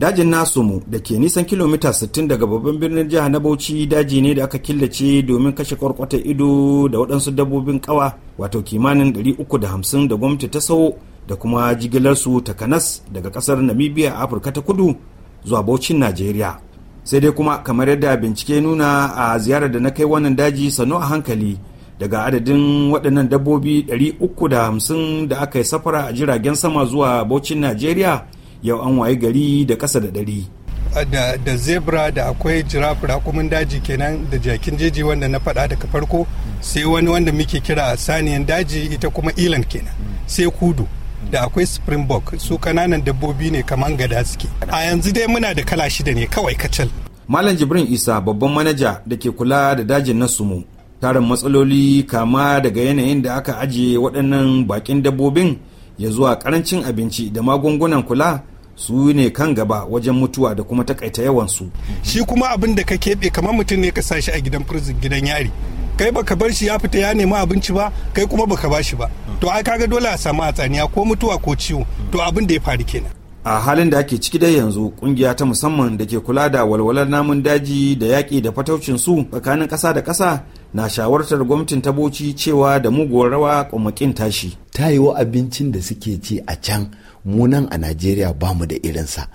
dajin nasumu da ke nisan kilomita 60 daga babban birnin jiha na bauchi daji ne da aka killace domin kashe kwarkwata ido da waɗansu dabbobin kawa wato kimanin 350 da gwamnati ta sawo da kuma jigilarsu takanas daga ƙasar namibia a afirka ta kudu zuwa bauchin najeriya sai dai kuma kamar yadda bincike nuna a ziyarar da na kai wannan daji sano a hankali daga adadin waɗannan dabbobi 350 da aka yi safara a jiragen sama zuwa bauchin najeriya yau an waye gari da kasa da ɗari. Da, zebra da akwai giraffe rakumin daji kenan da jakin jeji wanda na faɗa daga farko sai wani wanda muke kira saniyan daji ita kuma ilan kenan sai kudu da akwai springbok su kananan dabbobi ne kamar gada suke a yanzu dai muna da kala shida ne kawai kacal malam jibrin isa babban manaja da ke kula da dajin na sumu tarin matsaloli kama daga yanayin da aka ajiye waɗannan bakin dabbobin ya zuwa karancin abinci da magungunan kula su ne kan gaba wajen mutuwa da kuma takaita yawan su shi kuma abin da ka keɓe kamar mutum ne ka sashi a gidan prison gidan yari kai baka bar shi ya fita ya nemi abinci ba kai kuma baka ba shi ba to ai kaga dole a samu hatsaniya ko mutuwa ko ciwo to abin da ya faru kenan a halin da ake ciki dai yanzu kungiya ta musamman da ke kula da walwalar namun daji da yaƙi da fataucin su tsakanin ƙasa da ƙasa na shawartar gwamnatin ta bauchi cewa da muguwar rawa kwamakin tashi ta yiwu abincin da suke ci a can munan a najeriya ba mu da irinsa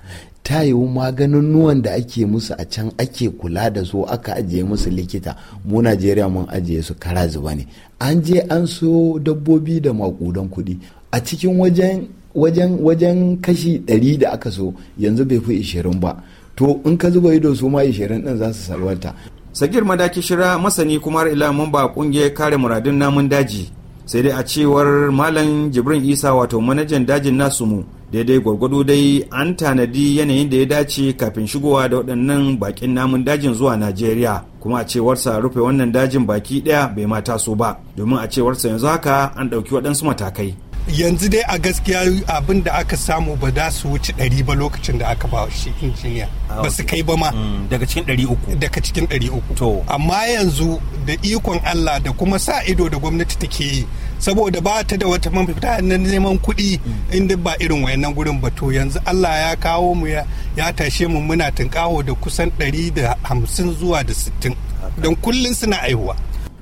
ta yiwu maganin da ake musu a can ake kula da su aka ajiye musu likita mu najeriya mun ajiye su kara zuba ne an je an so dabbobi da makudan kudi a cikin wajen wajen wajen kashi ɗari da aka so yanzu bai fi ishirin ba to in ka zuba ido su ma ishirin din za su salwanta sagir madaki shira masani kuma ila mamba kungiyar kare muradun namun daji sai dai a cewar malam jibrin isa wato manajan dajin nasu mu daidai gwargwado dai an tanadi yanayin da ya dace kafin shigowa da waɗannan bakin namun dajin zuwa najeriya kuma a cewarsa rufe wannan dajin baki ɗaya bai mata taso ba domin a cewarsa yanzu haka an ɗauki waɗansu matakai yanzu dai a gaskiya abin da aka samu ba za su wuce ɗari ba lokacin da aka ba shi injiniya ah, ba su kai ba ma mm, daga cikin ɗari uku daga cikin ɗari uku amma yanzu da ikon Allah da kuma sa ido da gwamnati take yi saboda ba ta da wata mafita na neman kuɗi mm. inda ba irin wayannan gurin ba to yanzu Allah ya kawo mu ya tashe mu muna tunkawo da kusan ɗari da hamsin zuwa da sittin don kullum suna aihuwa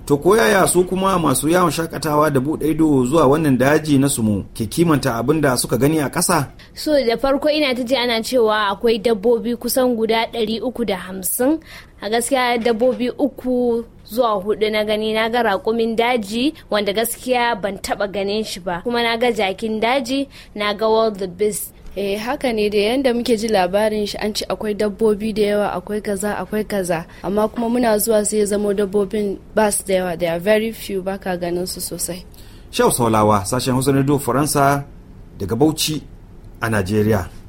To koyaya su kuma masu yawon shakatawa da buɗe ido zuwa wannan daji na sumu ke kimanta abin da suka gani a ƙasa? So da farko ina ta ji ana cewa akwai dabbobi kusan guda ɗari uku da hamsin a gaskiya dabbobi uku zuwa hudu na gani na ga raƙumin daji wanda gaskiya ban taɓa ganin shi ba kuma na ga jakin daji na ga world the beast eh haka ne da yanda muke ji labarin shi an ci akwai dabbobi da yawa akwai kaza akwai kaza amma kuma muna zuwa sai ya zamo dabbobin ba da yawa are very few baka ganin su sosai shau saulawa sashen hausa na faransa daga bauchi a najeriya